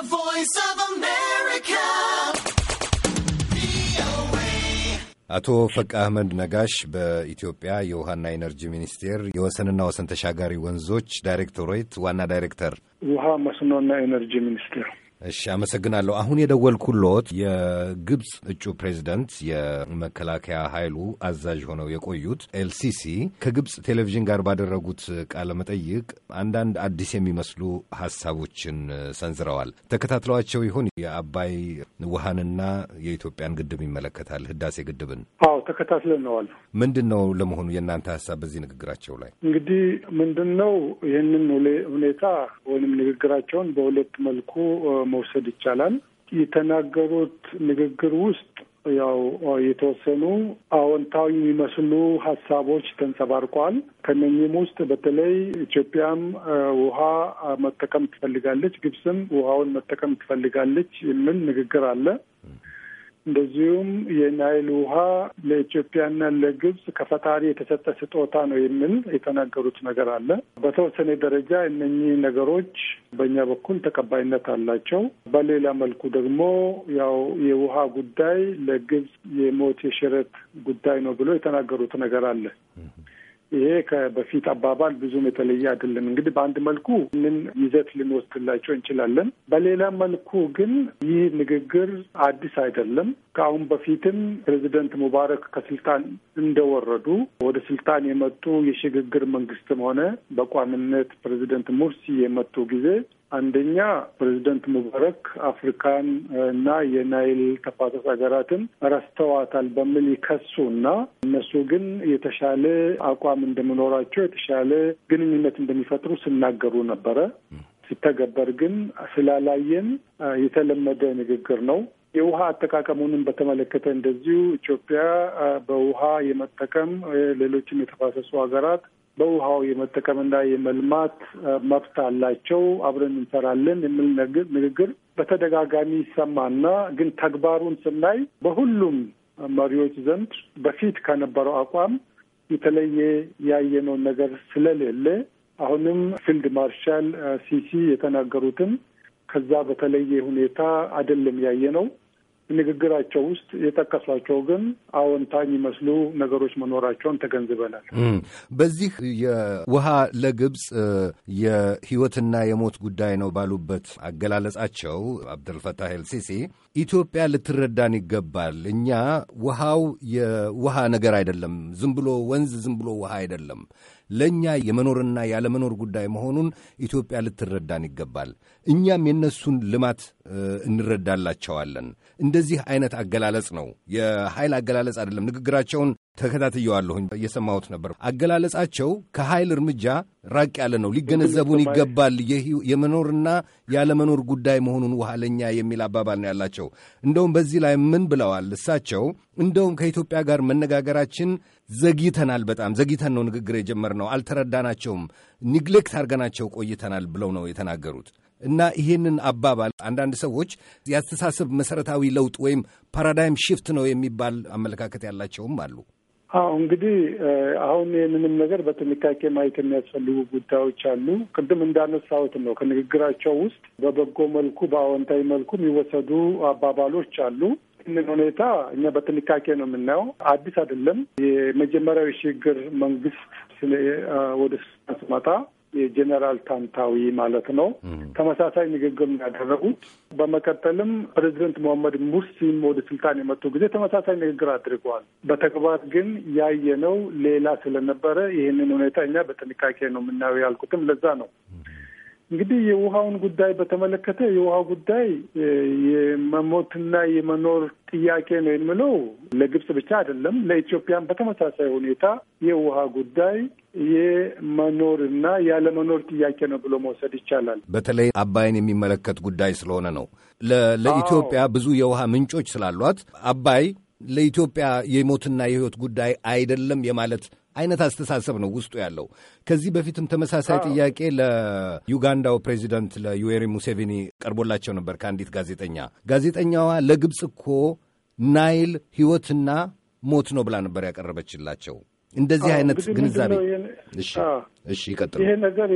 The Voice of America. አቶ ፈቃ አህመድ ነጋሽ በኢትዮጵያ የውሃና ኢነርጂ ሚኒስቴር የወሰንና ወሰን ተሻጋሪ ወንዞች ዳይሬክቶሬት ዋና ዳይሬክተር፣ ውሃ መስኖና ኢነርጂ ሚኒስቴር እሺ አመሰግናለሁ። አሁን የደወልኩሎት የግብፅ እጩ ፕሬዚደንት የመከላከያ ኃይሉ አዛዥ ሆነው የቆዩት ኤልሲሲ ከግብፅ ቴሌቪዥን ጋር ባደረጉት ቃለ መጠይቅ አንዳንድ አዲስ የሚመስሉ ሀሳቦችን ሰንዝረዋል። ተከታትለዋቸው ይሆን? የአባይ ውሃንና የኢትዮጵያን ግድብ ይመለከታል፣ ህዳሴ ግድብን። አዎ ተከታትለነዋል። ምንድን ነው ለመሆኑ የእናንተ ሀሳብ በዚህ ንግግራቸው ላይ? እንግዲህ ምንድን ነው ይህንን ሁኔታ ወይም ንግግራቸውን በሁለት መልኩ መውሰድ ይቻላል። የተናገሩት ንግግር ውስጥ ያው የተወሰኑ አዎንታዊ የሚመስሉ ሀሳቦች ተንጸባርቋል። ከነኚህም ውስጥ በተለይ ኢትዮጵያም ውሃ መጠቀም ትፈልጋለች፣ ግብፅም ውሃውን መጠቀም ትፈልጋለች የሚል ንግግር አለ። እንደዚሁም የናይል ውሃ ለኢትዮጵያና ለግብጽ ከፈጣሪ የተሰጠ ስጦታ ነው የሚል የተናገሩት ነገር አለ። በተወሰነ ደረጃ እነኚህ ነገሮች በእኛ በኩል ተቀባይነት አላቸው። በሌላ መልኩ ደግሞ ያው የውሃ ጉዳይ ለግብጽ የሞት የሽረት ጉዳይ ነው ብሎ የተናገሩት ነገር አለ። ይሄ ከበፊት አባባል ብዙም የተለየ አይደለም። እንግዲህ በአንድ መልኩ ምን ይዘት ልንወስድላቸው እንችላለን። በሌላ መልኩ ግን ይህ ንግግር አዲስ አይደለም። ከአሁን በፊትም ፕሬዚደንት ሙባረክ ከስልጣን እንደወረዱ ወደ ስልጣን የመጡ የሽግግር መንግስትም ሆነ በቋሚነት ፕሬዚደንት ሙርሲ የመጡ ጊዜ አንደኛ ፕሬዚደንት ሙባረክ አፍሪካን እና የናይል ተፋሰስ ሀገራትን ረስተዋታል በሚል ይከሱ እና እነሱ ግን የተሻለ አቋም እንደሚኖራቸው የተሻለ ግንኙነት እንደሚፈጥሩ ሲናገሩ ነበረ። ሲተገበር ግን ስላላየን የተለመደ ንግግር ነው። የውሃ አጠቃቀሙንም በተመለከተ እንደዚሁ ኢትዮጵያ በውሃ የመጠቀም ሌሎችም የተፋሰሱ ሀገራት በውሃው የመጠቀምና የመልማት መብት አላቸው፣ አብረን እንሰራለን የሚል ንግግር በተደጋጋሚ ይሰማና ግን ተግባሩን ስናይ በሁሉም መሪዎች ዘንድ በፊት ከነበረው አቋም የተለየ ያየነውን ነገር ስለሌለ አሁንም ፊልድ ማርሻል ሲሲ የተናገሩትን ከዛ በተለየ ሁኔታ አይደለም ያየነው። ንግግራቸው ውስጥ የጠቀሷቸው ግን አዎንታኝ የሚመስሉ ነገሮች መኖራቸውን ተገንዝበናል። በዚህ የውሃ ለግብፅ የህይወትና የሞት ጉዳይ ነው ባሉበት አገላለጻቸው አብደልፈታህ ኤልሲሲ ኢትዮጵያ ልትረዳን ይገባል። እኛ ውሃው የውሃ ነገር አይደለም፣ ዝም ብሎ ወንዝ፣ ዝም ብሎ ውሃ አይደለም ለእኛ የመኖርና ያለመኖር ጉዳይ መሆኑን ኢትዮጵያ ልትረዳን ይገባል። እኛም የነሱን ልማት እንረዳላቸዋለን። እንደዚህ አይነት አገላለጽ ነው። የኃይል አገላለጽ አይደለም። ንግግራቸውን ተከታትየዋለሁኝ፣ እየሰማሁት ነበር። አገላለጻቸው ከኃይል እርምጃ ራቅ ያለ ነው። ሊገነዘቡን ይገባል የመኖርና ያለመኖር ጉዳይ መሆኑን ውሃ ለኛ የሚል አባባል ነው ያላቸው። እንደውም በዚህ ላይ ምን ብለዋል እሳቸው? እንደውም ከኢትዮጵያ ጋር መነጋገራችን ዘግይተናል፣ በጣም ዘግይተን ነው ንግግር የጀመርነው፣ አልተረዳናቸውም፣ ኒግሌክት አድርገናቸው ቆይተናል ብለው ነው የተናገሩት። እና ይህንን አባባል አንዳንድ ሰዎች የአስተሳሰብ መሰረታዊ ለውጥ ወይም ፓራዳይም ሽፍት ነው የሚባል አመለካከት ያላቸውም አሉ። አዎ እንግዲህ አሁን ይህንንም ነገር በጥንቃቄ ማየት የሚያስፈልጉ ጉዳዮች አሉ። ቅድም እንዳነሳሁትም ነው ከንግግራቸው ውስጥ በበጎ መልኩ በአዎንታዊ መልኩ የሚወሰዱ አባባሎች አሉ። ይህንን ሁኔታ እኛ በጥንቃቄ ነው የምናየው። አዲስ አይደለም። የመጀመሪያው የሽግግር መንግስት ወደ ስልጣን ሲመጣ የጄኔራል ታንታዊ ማለት ነው ተመሳሳይ ንግግር ያደረጉት። በመቀጠልም ፕሬዚደንት መሐመድ ሙርሲም ወደ ስልጣን የመጡ ጊዜ ተመሳሳይ ንግግር አድርገዋል። በተግባር ግን ያየነው ሌላ ስለነበረ ይህንን ሁኔታ እኛ በጥንቃቄ ነው የምናየው ያልኩትም ለዛ ነው። እንግዲህ የውሃውን ጉዳይ በተመለከተ የውሃ ጉዳይ የመሞትና የመኖር ጥያቄ ነው የምለው ለግብጽ ብቻ አይደለም። ለኢትዮጵያን በተመሳሳይ ሁኔታ የውሃ ጉዳይ የመኖርና ያለመኖር ጥያቄ ነው ብሎ መውሰድ ይቻላል። በተለይ አባይን የሚመለከት ጉዳይ ስለሆነ ነው። ለኢትዮጵያ ብዙ የውሃ ምንጮች ስላሏት አባይ ለኢትዮጵያ የሞትና የሕይወት ጉዳይ አይደለም የማለት አይነት አስተሳሰብ ነው ውስጡ ያለው። ከዚህ በፊትም ተመሳሳይ ጥያቄ ለዩጋንዳው ፕሬዚዳንት ለዩዌሪ ሙሴቪኒ ቀርቦላቸው ነበር ከአንዲት ጋዜጠኛ። ጋዜጠኛዋ ለግብፅ እኮ ናይል ሕይወትና ሞት ነው ብላ ነበር ያቀረበችላቸው። እንደዚህ አይነት ግንዛቤ እሺ፣ ይቀጥሉ። ይሄ ነገር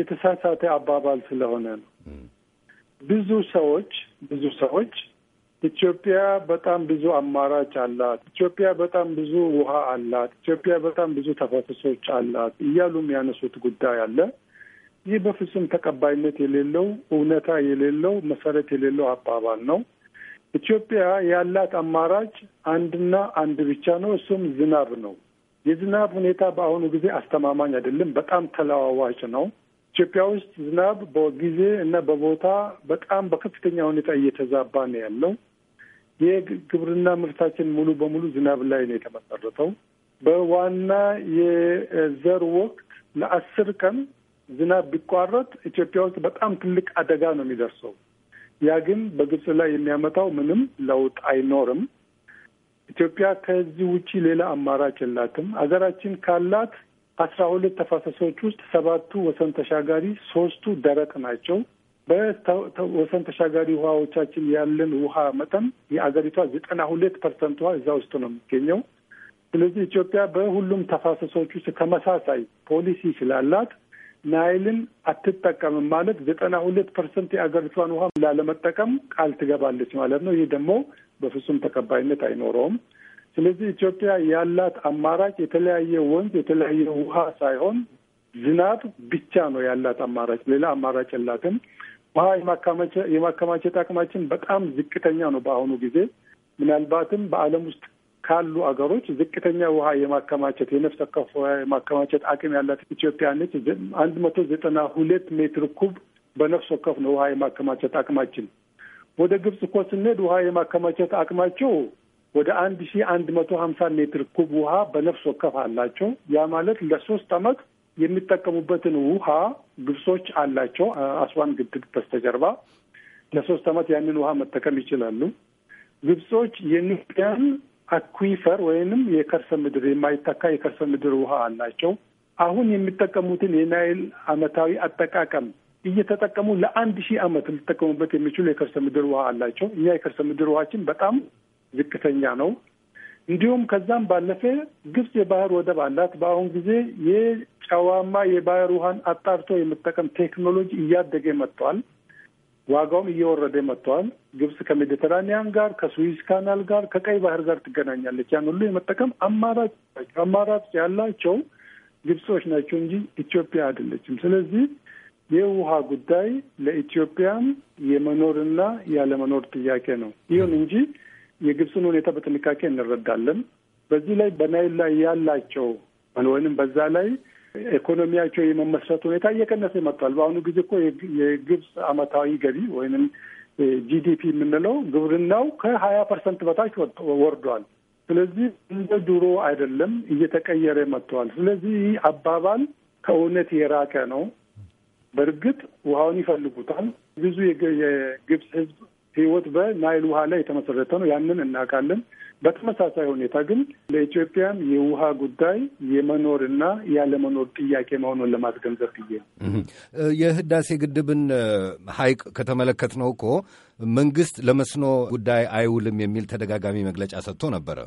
የተሳሳተ አባባል ስለሆነ ነው ብዙ ሰዎች ብዙ ሰዎች ኢትዮጵያ በጣም ብዙ አማራጭ አላት። ኢትዮጵያ በጣም ብዙ ውሃ አላት። ኢትዮጵያ በጣም ብዙ ተፋሰሶች አላት እያሉም ያነሱት ጉዳይ አለ። ይህ በፍጹም ተቀባይነት የሌለው እውነታ የሌለው መሰረት የሌለው አባባል ነው። ኢትዮጵያ ያላት አማራጭ አንድና አንድ ብቻ ነው። እሱም ዝናብ ነው። የዝናብ ሁኔታ በአሁኑ ጊዜ አስተማማኝ አይደለም። በጣም ተለዋዋጭ ነው። ኢትዮጵያ ውስጥ ዝናብ በጊዜ እና በቦታ በጣም በከፍተኛ ሁኔታ እየተዛባ ነው ያለው። የግብርና ምርታችን ሙሉ በሙሉ ዝናብ ላይ ነው የተመሰረተው። በዋና የዘር ወቅት ለአስር ቀን ዝናብ ቢቋረጥ ኢትዮጵያ ውስጥ በጣም ትልቅ አደጋ ነው የሚደርሰው። ያ ግን በግብፅ ላይ የሚያመጣው ምንም ለውጥ አይኖርም። ኢትዮጵያ ከዚህ ውጪ ሌላ አማራጭ የላትም። ሀገራችን ካላት አስራ ሁለት ተፋሰሶች ውስጥ ሰባቱ ወሰን ተሻጋሪ፣ ሶስቱ ደረቅ ናቸው። በወሰን ተሻጋሪ ውሃዎቻችን ያለን ውሃ መጠን የአገሪቷ ዘጠና ሁለት ፐርሰንት ውሃ እዛ ውስጥ ነው የሚገኘው። ስለዚህ ኢትዮጵያ በሁሉም ተፋሰሶች ውስጥ ተመሳሳይ ፖሊሲ ስላላት ናይልን አትጠቀምም ማለት ዘጠና ሁለት ፐርሰንት የአገሪቷን ውሃ ላለመጠቀም ቃል ትገባለች ማለት ነው። ይህ ደግሞ በፍጹም ተቀባይነት አይኖረውም። ስለዚህ ኢትዮጵያ ያላት አማራጭ የተለያየ ወንዝ፣ የተለያየ ውሃ ሳይሆን ዝናብ ብቻ ነው ያላት አማራጭ። ሌላ አማራጭ የላትም። ውሃ የማከማቸት አቅማችን በጣም ዝቅተኛ ነው። በአሁኑ ጊዜ ምናልባትም በዓለም ውስጥ ካሉ አገሮች ዝቅተኛ ውሃ የማከማቸት የነፍስ ወከፍ ውሃ የማከማቸት አቅም ያላት ኢትዮጵያ ነች። አንድ መቶ ዘጠና ሁለት ሜትር ኩብ በነፍስ ወከፍ ነው ውሃ የማከማቸት አቅማችን። ወደ ግብጽ እኮ ስንሄድ ውሃ የማከማቸት አቅማቸው ወደ አንድ ሺ አንድ መቶ ሀምሳ ሜትር ኩብ ውሃ በነፍስ ወከፍ አላቸው። ያ ማለት ለሶስት አመት የሚጠቀሙበትን ውሃ ግብጾች አላቸው። አስዋን ግድብ በስተጀርባ ለሶስት ዓመት ያንን ውሃ መጠቀም ይችላሉ። ግብጾች የኑቢያን አኩዊፈር ወይንም የከርሰ ምድር የማይተካ የከርሰ ምድር ውሃ አላቸው። አሁን የሚጠቀሙትን የናይል አመታዊ አጠቃቀም እየተጠቀሙ ለአንድ ሺህ አመት ሊጠቀሙበት የሚችሉ የከርሰ ምድር ውሃ አላቸው። እኛ የከርሰ ምድር ውሃችን በጣም ዝቅተኛ ነው። እንዲሁም ከዛም ባለፈ ግብጽ የባህር ወደብ አላት። በአሁን ጊዜ የጨዋማ የባህር ውሃን አጣርቶ የመጠቀም ቴክኖሎጂ እያደገ መጥቷል። ዋጋውም እየወረደ መጥተዋል። ግብጽ ከሜዲተራኒያን ጋር ከስዊዝ ካናል ጋር ከቀይ ባህር ጋር ትገናኛለች። ያን ሁሉ የመጠቀም አማራጭ አማራጭ ያላቸው ግብጾች ናቸው እንጂ ኢትዮጵያ አይደለችም። ስለዚህ የውሃ ጉዳይ ለኢትዮጵያም የመኖርና ያለመኖር ጥያቄ ነው። ይሁን እንጂ የግብፅን ሁኔታ በጥንቃቄ እንረዳለን። በዚህ ላይ በናይል ላይ ያላቸው ወይም በዛ ላይ ኢኮኖሚያቸው የመመስረት ሁኔታ እየቀነሰ ይመጣል። በአሁኑ ጊዜ እኮ የግብፅ አመታዊ ገቢ ወይም ጂዲፒ የምንለው ግብርናው ከሀያ ፐርሰንት በታች ወርዷል። ስለዚህ እንደ ድሮ አይደለም፣ እየተቀየረ መጥተዋል። ስለዚህ ይህ አባባል ከእውነት የራቀ ነው። በእርግጥ ውሃውን ይፈልጉታል። ብዙ የግብፅ ህዝብ ። ህይወት በናይል ውሃ ላይ የተመሰረተ ነው። ያንን እናውቃለን። በተመሳሳይ ሁኔታ ግን ለኢትዮጵያን የውሃ ጉዳይ የመኖርና ያለመኖር ጥያቄ መሆኑን ለማስገንዘብ ብዬ ነው። የህዳሴ ግድብን ሀይቅ ከተመለከት ነው እኮ መንግስት ለመስኖ ጉዳይ አይውልም የሚል ተደጋጋሚ መግለጫ ሰጥቶ ነበረ።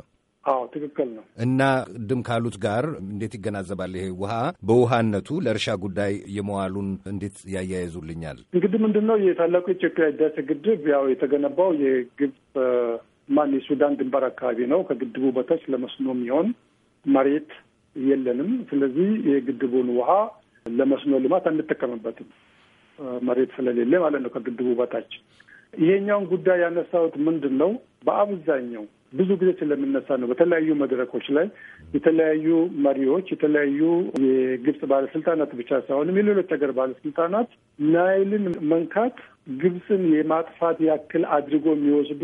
አዎ ትክክል ነው። እና ቅድም ካሉት ጋር እንዴት ይገናዘባል? ይሄ ውሃ በውሃነቱ ለእርሻ ጉዳይ የመዋሉን እንዴት ያያይዙልኛል? እንግዲህ ምንድን ነው የታላቁ የኢትዮጵያ ህዳሴ ግድብ ያው የተገነባው የግብፅ ማን የሱዳን ድንበር አካባቢ ነው። ከግድቡ በታች ለመስኖ የሚሆን መሬት የለንም። ስለዚህ የግድቡን ውሃ ለመስኖ ልማት አንጠቀምበትም፣ መሬት ስለሌለ ማለት ነው ከግድቡ በታች። ይሄኛውን ጉዳይ ያነሳሁት ምንድን ነው በአብዛኛው ብዙ ጊዜ ስለሚነሳ ነው። በተለያዩ መድረኮች ላይ የተለያዩ መሪዎች፣ የተለያዩ የግብጽ ባለስልጣናት ብቻ ሳይሆንም የሌሎች ሀገር ባለስልጣናት ናይልን መንካት ግብፅን የማጥፋት ያክል አድርጎ የሚወስዱ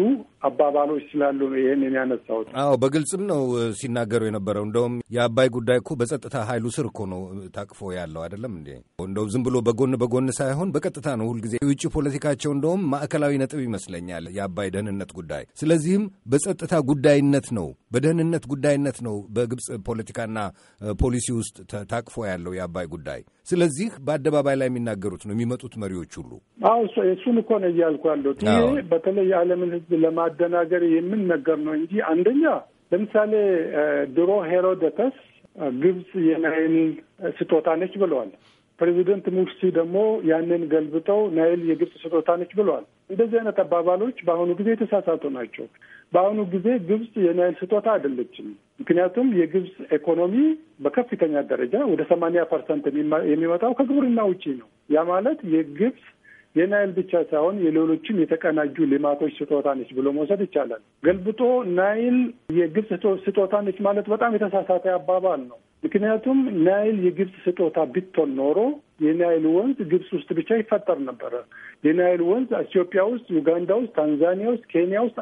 አባባሎች ስላሉ ነው ይህንን ያነሳሁት። አዎ በግልጽም ነው ሲናገሩ የነበረው። እንደውም የአባይ ጉዳይ እኮ በጸጥታ ኃይሉ ስር እኮ ነው ታቅፎ ያለው አይደለም እንዴ? እንደው ዝም ብሎ በጎን በጎን ሳይሆን በቀጥታ ነው ሁልጊዜ የውጭ ፖለቲካቸው እንደውም ማዕከላዊ ነጥብ ይመስለኛል የአባይ ደህንነት ጉዳይ። ስለዚህም በጸጥታ ጉዳይነት ነው በደህንነት ጉዳይነት ነው በግብፅ ፖለቲካና ፖሊሲ ውስጥ ታቅፎ ያለው የአባይ ጉዳይ። ስለዚህ በአደባባይ ላይ የሚናገሩት ነው የሚመጡት መሪዎች ሁሉ እሱን እኮ ነው እያልኩ ያለሁት። ይሄ በተለይ የዓለምን ሕዝብ ለማደናገር የምንነገር ነው እንጂ አንደኛ ለምሳሌ ድሮ ሄሮደተስ ግብፅ የናይል ስጦታ ነች ብለዋል። ፕሬዚደንት ሙርሲ ደግሞ ያንን ገልብጠው ናይል የግብጽ ስጦታ ነች ብለዋል። እንደዚህ አይነት አባባሎች በአሁኑ ጊዜ የተሳሳቱ ናቸው። በአሁኑ ጊዜ ግብፅ የናይል ስጦታ አይደለችም። ምክንያቱም የግብፅ ኢኮኖሚ በከፍተኛ ደረጃ ወደ ሰማንያ ፐርሰንት የሚመጣው ከግብርና ውጪ ነው። ያ ማለት የግብፅ የናይል ብቻ ሳይሆን የሌሎችም የተቀናጁ ልማቶች ስጦታ ነች ብሎ መውሰድ ይቻላል። ገልብጦ ናይል የግብፅ ስጦታ ነች ማለት በጣም የተሳሳተ አባባል ነው። ምክንያቱም ናይል የግብፅ ስጦታ ቢትሆን ኖሮ የናይል ወንዝ ግብፅ ውስጥ ብቻ ይፈጠር ነበረ። የናይል ወንዝ ኢትዮጵያ ውስጥ፣ ዩጋንዳ ውስጥ፣ ታንዛኒያ ውስጥ፣ ኬንያ ውስጥ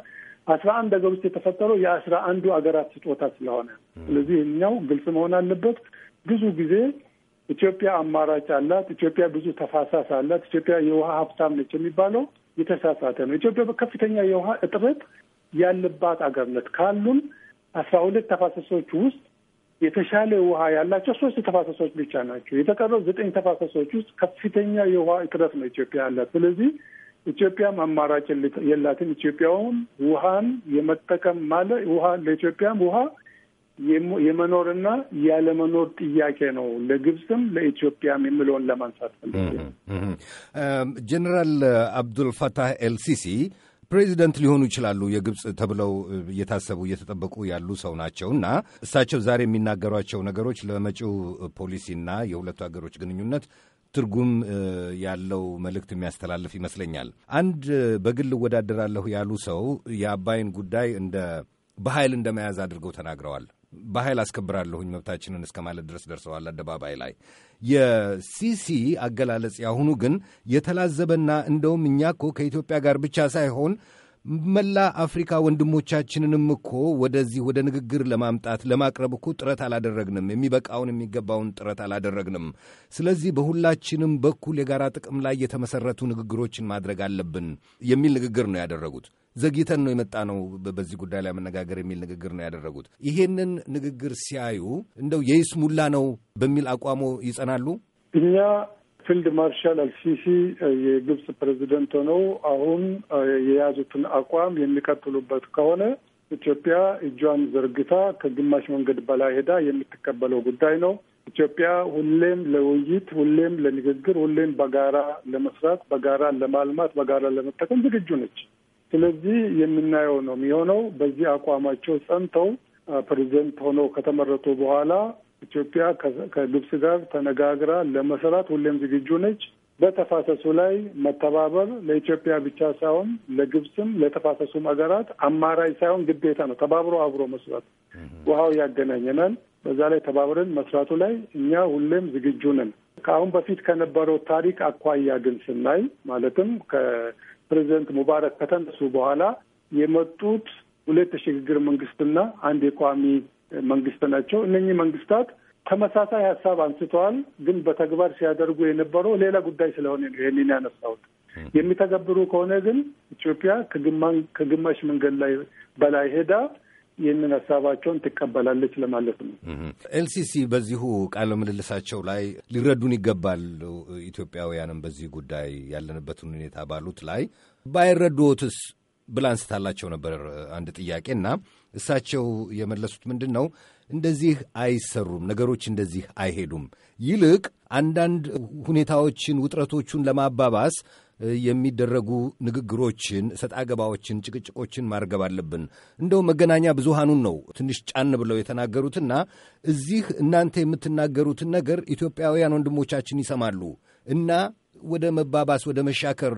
አስራ አንድ ሀገር ውስጥ የተፈጠረው የአስራ አንዱ ሀገራት ስጦታ ስለሆነ ስለዚህ እኛው ግልጽ መሆን አለበት ብዙ ጊዜ ኢትዮጵያ አማራጭ አላት፣ ኢትዮጵያ ብዙ ተፋሳስ አላት፣ ኢትዮጵያ የውሃ ሀብታም ነች የሚባለው የተሳሳተ ነው። ኢትዮጵያ በከፍተኛ የውሃ እጥረት ያለባት አገር ናት። ካሉን አስራ ሁለት ተፋሰሶች ውስጥ የተሻለ ውሃ ያላቸው ሶስት ተፋሰሶች ብቻ ናቸው። የተቀረው ዘጠኝ ተፋሰሶች ውስጥ ከፍተኛ የውሃ እጥረት ነው ኢትዮጵያ ያላት። ስለዚህ ኢትዮጵያም አማራጭ የላትም። ኢትዮጵያውን ውሃን የመጠቀም ማለት ውሃ ለኢትዮጵያም ውሃ የመኖርና ያለመኖር ጥያቄ ነው ለግብፅም ለኢትዮጵያም የሚለውን ለማንሳት ፈልጌ ጀኔራል አብዱልፈታህ ኤልሲሲ ፕሬዚደንት ሊሆኑ ይችላሉ። የግብፅ ተብለው እየታሰቡ እየተጠበቁ ያሉ ሰው ናቸው እና እሳቸው ዛሬ የሚናገሯቸው ነገሮች ለመጪው ፖሊሲና የሁለቱ ሀገሮች ግንኙነት ትርጉም ያለው መልእክት የሚያስተላልፍ ይመስለኛል። አንድ በግል እወዳደራለሁ ያሉ ሰው የአባይን ጉዳይ እንደ በኃይል እንደመያዝ አድርገው ተናግረዋል። በኃይል አስከብራለሁኝ መብታችንን እስከ ማለት ድረስ ደርሰዋል አደባባይ ላይ። የሲሲ አገላለጽ ያሁኑ ግን የተላዘበና እንደውም እኛ እኮ ከኢትዮጵያ ጋር ብቻ ሳይሆን መላ አፍሪካ ወንድሞቻችንንም እኮ ወደዚህ ወደ ንግግር ለማምጣት ለማቅረብ እኮ ጥረት አላደረግንም፣ የሚበቃውን የሚገባውን ጥረት አላደረግንም። ስለዚህ በሁላችንም በኩል የጋራ ጥቅም ላይ የተመሰረቱ ንግግሮችን ማድረግ አለብን የሚል ንግግር ነው ያደረጉት። ዘግይተን ነው የመጣ ነው በዚህ ጉዳይ ላይ መነጋገር የሚል ንግግር ነው ያደረጉት። ይሄንን ንግግር ሲያዩ እንደው የይስሙላ ነው በሚል አቋሞ ይጸናሉ። እኛ ፊልድ ማርሻል አልሲሲ የግብጽ ፕሬዚደንት ሆነው አሁን የያዙትን አቋም የሚቀጥሉበት ከሆነ ኢትዮጵያ እጇን ዘርግታ ከግማሽ መንገድ በላይ ሄዳ የምትቀበለው ጉዳይ ነው። ኢትዮጵያ ሁሌም ለውይይት፣ ሁሌም ለንግግር፣ ሁሌም በጋራ ለመስራት፣ በጋራ ለማልማት፣ በጋራ ለመጠቀም ዝግጁ ነች። ስለዚህ የምናየው ነው የሚሆነው። በዚህ አቋማቸው ጸንተው ፕሬዚደንት ሆነው ከተመረጡ በኋላ ኢትዮጵያ ከግብጽ ጋር ተነጋግራ ለመስራት ሁሌም ዝግጁ ነች። በተፋሰሱ ላይ መተባበር ለኢትዮጵያ ብቻ ሳይሆን ለግብፅም ለተፋሰሱም ሀገራት አማራጭ ሳይሆን ግዴታ ነው። ተባብሮ አብሮ መስራት ውሃው ያገናኘናል። በዛ ላይ ተባብረን መስራቱ ላይ እኛ ሁሌም ዝግጁ ነን። ከአሁን በፊት ከነበረው ታሪክ አኳያ ግን ስናይ ማለትም ከፕሬዚደንት ሙባረክ ከተነሱ በኋላ የመጡት ሁለት የሽግግር መንግስትና አንድ የቋሚ መንግስት ናቸው። እነኚህ መንግስታት ተመሳሳይ ሀሳብ አንስተዋል፣ ግን በተግባር ሲያደርጉ የነበረው ሌላ ጉዳይ ስለሆነ ነው ይህንን ያነሳሁት። የሚተገብሩ ከሆነ ግን ኢትዮጵያ ከግማሽ መንገድ ላይ በላይ ሄዳ ይህንን ሀሳባቸውን ትቀበላለች ለማለት ነው። ኤልሲሲ በዚሁ ቃለ ምልልሳቸው ላይ ሊረዱን ይገባል ኢትዮጵያውያንም በዚህ ጉዳይ ያለንበትን ሁኔታ ባሉት ላይ ባይረዱትስ ብላ አንስታላቸው ነበር አንድ ጥያቄ እና እሳቸው የመለሱት ምንድን ነው እንደዚህ አይሰሩም ነገሮች እንደዚህ አይሄዱም ይልቅ አንዳንድ ሁኔታዎችን ውጥረቶቹን ለማባባስ የሚደረጉ ንግግሮችን ሰጣገባዎችን ጭቅጭቆችን ማርገብ አለብን እንደው መገናኛ ብዙሃኑን ነው ትንሽ ጫን ብለው የተናገሩትና እዚህ እናንተ የምትናገሩትን ነገር ኢትዮጵያውያን ወንድሞቻችን ይሰማሉ እና ወደ መባባስ ወደ መሻከር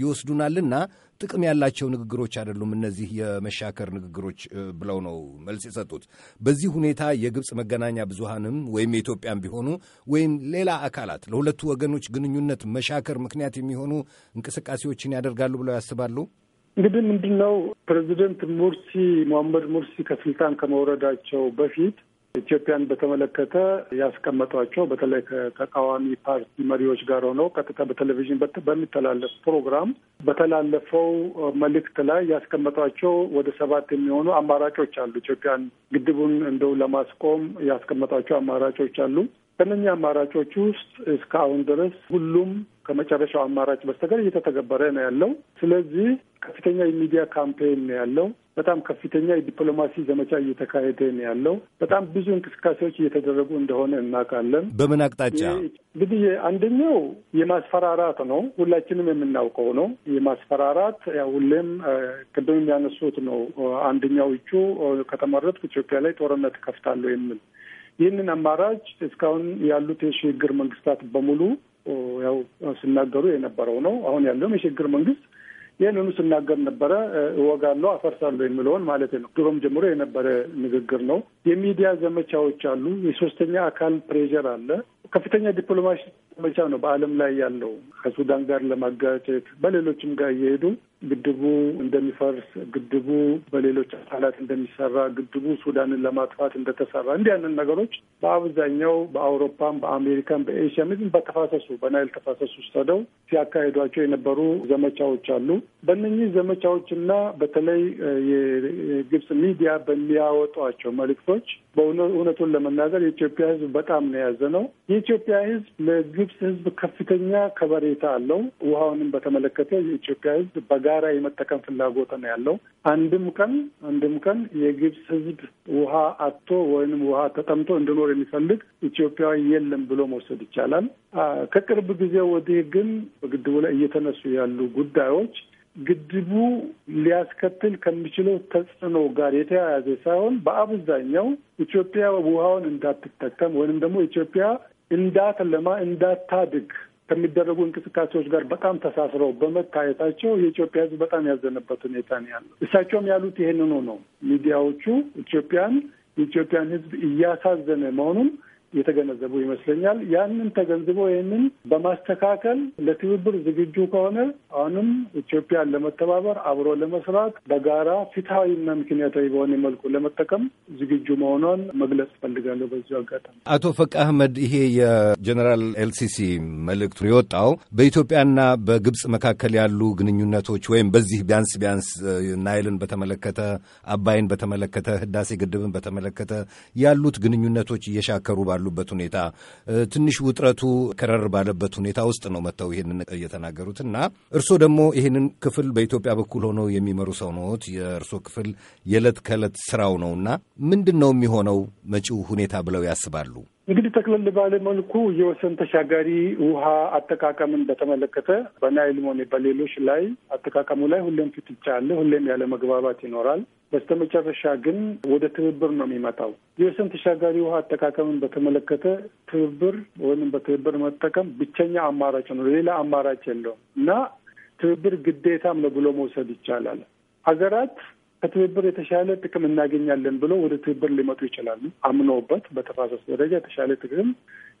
ይወስዱናልና ጥቅም ያላቸው ንግግሮች አይደሉም እነዚህ የመሻከር ንግግሮች ብለው ነው መልስ የሰጡት። በዚህ ሁኔታ የግብፅ መገናኛ ብዙሃንም ወይም የኢትዮጵያም ቢሆኑ ወይም ሌላ አካላት ለሁለቱ ወገኖች ግንኙነት መሻከር ምክንያት የሚሆኑ እንቅስቃሴዎችን ያደርጋሉ ብለው ያስባሉ? እንግዲህ ምንድን ነው ፕሬዚደንት ሙርሲ ሞሐመድ ሙርሲ ከስልጣን ከመውረዳቸው በፊት ኢትዮጵያን በተመለከተ ያስቀመጧቸው በተለይ ከተቃዋሚ ፓርቲ መሪዎች ጋር ሆነው ቀጥታ በቴሌቪዥን በሚተላለፍ ፕሮግራም በተላለፈው መልእክት ላይ ያስቀመጧቸው ወደ ሰባት የሚሆኑ አማራጮች አሉ። ኢትዮጵያን ግድቡን እንደው ለማስቆም ያስቀመጧቸው አማራጮች አሉ። ከነኛ አማራጮች ውስጥ እስካሁን ድረስ ሁሉም ከመጨረሻው አማራጭ በስተቀር እየተተገበረ ነው ያለው። ስለዚህ ከፍተኛ የሚዲያ ካምፔን ነው ያለው። በጣም ከፍተኛ የዲፕሎማሲ ዘመቻ እየተካሄደ ነው ያለው። በጣም ብዙ እንቅስቃሴዎች እየተደረጉ እንደሆነ እናውቃለን። በምን አቅጣጫ እንግዲህ አንደኛው የማስፈራራት ነው፣ ሁላችንም የምናውቀው ነው። የማስፈራራት ያው ሁሌም ቅድም የሚያነሱት ነው። አንደኛው እጩ ከተመረጥኩ ኢትዮጵያ ላይ ጦርነት ከፍታለሁ የሚል ይህንን አማራጭ እስካሁን ያሉት የሽግግር መንግስታት በሙሉ ያው ሲናገሩ የነበረው ነው። አሁን ያለውም የሽግግር መንግስት ይህንኑ ስናገር ነበረ። እወጋለሁ፣ አፈርሳለሁ የሚለውን ማለት ነው። ድሮም ጀምሮ የነበረ ንግግር ነው። የሚዲያ ዘመቻዎች አሉ። የሶስተኛ አካል ፕሬዠር አለ። ከፍተኛ ዲፕሎማሲ መቻ ነው በዓለም ላይ ያለው ከሱዳን ጋር ለማጋጨት በሌሎችም ጋር እየሄዱ ግድቡ እንደሚፈርስ፣ ግድቡ በሌሎች አካላት እንደሚሰራ፣ ግድቡ ሱዳንን ለማጥፋት እንደተሰራ እንዲህ ያንን ነገሮች በአብዛኛው በአውሮፓም፣ በአሜሪካን፣ በኤሽያም በተፋሰሱ በናይል ተፋሰሱ ውስጥ ሄደው የነበሩ ዘመቻዎች አሉ። በእነኚህ ዘመቻዎችና በተለይ የግብጽ ሚዲያ በሚያወጧቸው መልእክቶች በእውነቱን ለመናገር የኢትዮጵያ ሕዝብ በጣም ነው የያዘ ነው። የኢትዮጵያ ሕዝብ ለግ የግብጽ ህዝብ ከፍተኛ ከበሬታ አለው። ውሃውንም በተመለከተ የኢትዮጵያ ህዝብ በጋራ የመጠቀም ፍላጎት ነው ያለው። አንድም ቀን አንድም ቀን የግብጽ ህዝብ ውሃ አጥቶ ወይንም ውሃ ተጠምቶ እንዲኖር የሚፈልግ ኢትዮጵያዊ የለም ብሎ መውሰድ ይቻላል። ከቅርብ ጊዜ ወዲህ ግን በግድቡ ላይ እየተነሱ ያሉ ጉዳዮች ግድቡ ሊያስከትል ከሚችለው ተጽዕኖ ጋር የተያያዘ ሳይሆን በአብዛኛው ኢትዮጵያ ውሃውን እንዳትጠቀም ወይንም ደግሞ ኢትዮጵያ እንዳትለማ እንዳታድግ ከሚደረጉ እንቅስቃሴዎች ጋር በጣም ተሳስረው በመታየታቸው የኢትዮጵያ ሕዝብ በጣም ያዘነበት ሁኔታ ነው ያለው። እሳቸውም ያሉት ይህንኑ ነው። ሚዲያዎቹ ኢትዮጵያን የኢትዮጵያን ሕዝብ እያሳዘነ መሆኑን የተገነዘቡ ይመስለኛል። ያንን ተገንዝቦ ይህንን በማስተካከል ለትብብር ዝግጁ ከሆነ አሁንም ኢትዮጵያን ለመተባበር አብሮ ለመስራት በጋራ ፊትሐዊና ምክንያታዊ በሆነ መልኩ ለመጠቀም ዝግጁ መሆኗን መግለጽ ፈልጋለሁ። በዚሁ አጋጣሚ አቶ ፈቃ አህመድ፣ ይሄ የጀኔራል ኤልሲሲ መልእክቱ የወጣው በኢትዮጵያና በግብጽ መካከል ያሉ ግንኙነቶች ወይም በዚህ ቢያንስ ቢያንስ ናይልን በተመለከተ አባይን በተመለከተ ህዳሴ ግድብን በተመለከተ ያሉት ግንኙነቶች እየሻከሩ ባሉ ባሉበት ሁኔታ ትንሽ ውጥረቱ ከረር ባለበት ሁኔታ ውስጥ ነው መጥተው ይህንን እየተናገሩት እና እርስዎ ደግሞ ይህንን ክፍል በኢትዮጵያ በኩል ሆነው የሚመሩ ሰው ነዎት። የእርስዎ ክፍል የዕለት ከዕለት ስራው ነውና ምንድን ነው የሚሆነው መጪው ሁኔታ ብለው ያስባሉ? እንግዲህ ጠቅለል ባለ መልኩ የወሰን ተሻጋሪ ውሃ አጠቃቀምን በተመለከተ በናይል ሆነ በሌሎች ላይ አጠቃቀሙ ላይ ሁሌም ፍጥጫ አለ፣ ሁሌም ያለ መግባባት ይኖራል። በስተመጨረሻ ግን ወደ ትብብር ነው የሚመጣው። የወሰን ተሻጋሪ ውሃ አጠቃቀምን በተመለከተ ትብብር ወይም በትብብር መጠቀም ብቸኛ አማራጭ ነው፣ ሌላ አማራጭ የለውም እና ትብብር ግዴታም ነው ብሎ መውሰድ ይቻላል። ሀገራት ከትብብር የተሻለ ጥቅም እናገኛለን ብሎ ወደ ትብብር ሊመጡ ይችላሉ። አምነውበት በተፋሰስ ደረጃ የተሻለ ጥቅም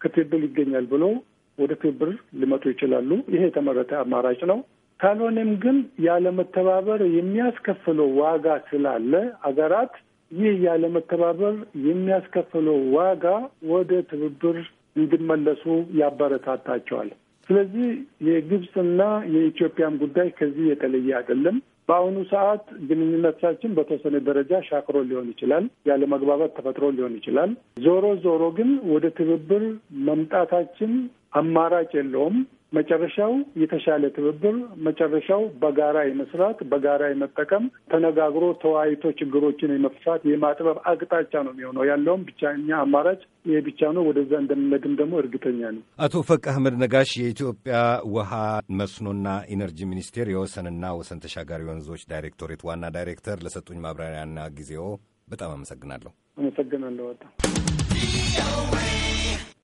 ከትብብር ይገኛል ብሎ ወደ ትብብር ሊመጡ ይችላሉ። ይሄ የተመረጠ አማራጭ ነው። ካልሆነም ግን ያለመተባበር የሚያስከፍለው ዋጋ ስላለ አገራት ይህ ያለመተባበር የሚያስከፍለው ዋጋ ወደ ትብብር እንዲመለሱ ያበረታታቸዋል። ስለዚህ የግብፅና የኢትዮጵያን ጉዳይ ከዚህ የተለየ አይደለም። በአሁኑ ሰዓት ግንኙነታችን በተወሰነ ደረጃ ሻክሮ ሊሆን ይችላል፣ ያለመግባባት ተፈጥሮ ሊሆን ይችላል። ዞሮ ዞሮ ግን ወደ ትብብር መምጣታችን አማራጭ የለውም። መጨረሻው የተሻለ ትብብር፣ መጨረሻው በጋራ የመስራት በጋራ የመጠቀም ተነጋግሮ ተወያይቶ ችግሮችን የመፍታት የማጥበብ አቅጣጫ ነው የሚሆነው። ያለውም ብቻኛ አማራጭ ይሄ ብቻ ነው። ወደዛ እንደምንሄድም ደግሞ እርግጠኛ ነው። አቶ ፈቅ አህመድ ነጋሽ የኢትዮጵያ ውሃ መስኖና ኢነርጂ ሚኒስቴር የወሰንና ወሰን ተሻጋሪ ወንዞች ዳይሬክቶሬት ዋና ዳይሬክተር ለሰጡኝ ማብራሪያና ጊዜው በጣም አመሰግናለሁ። አመሰግናለሁ።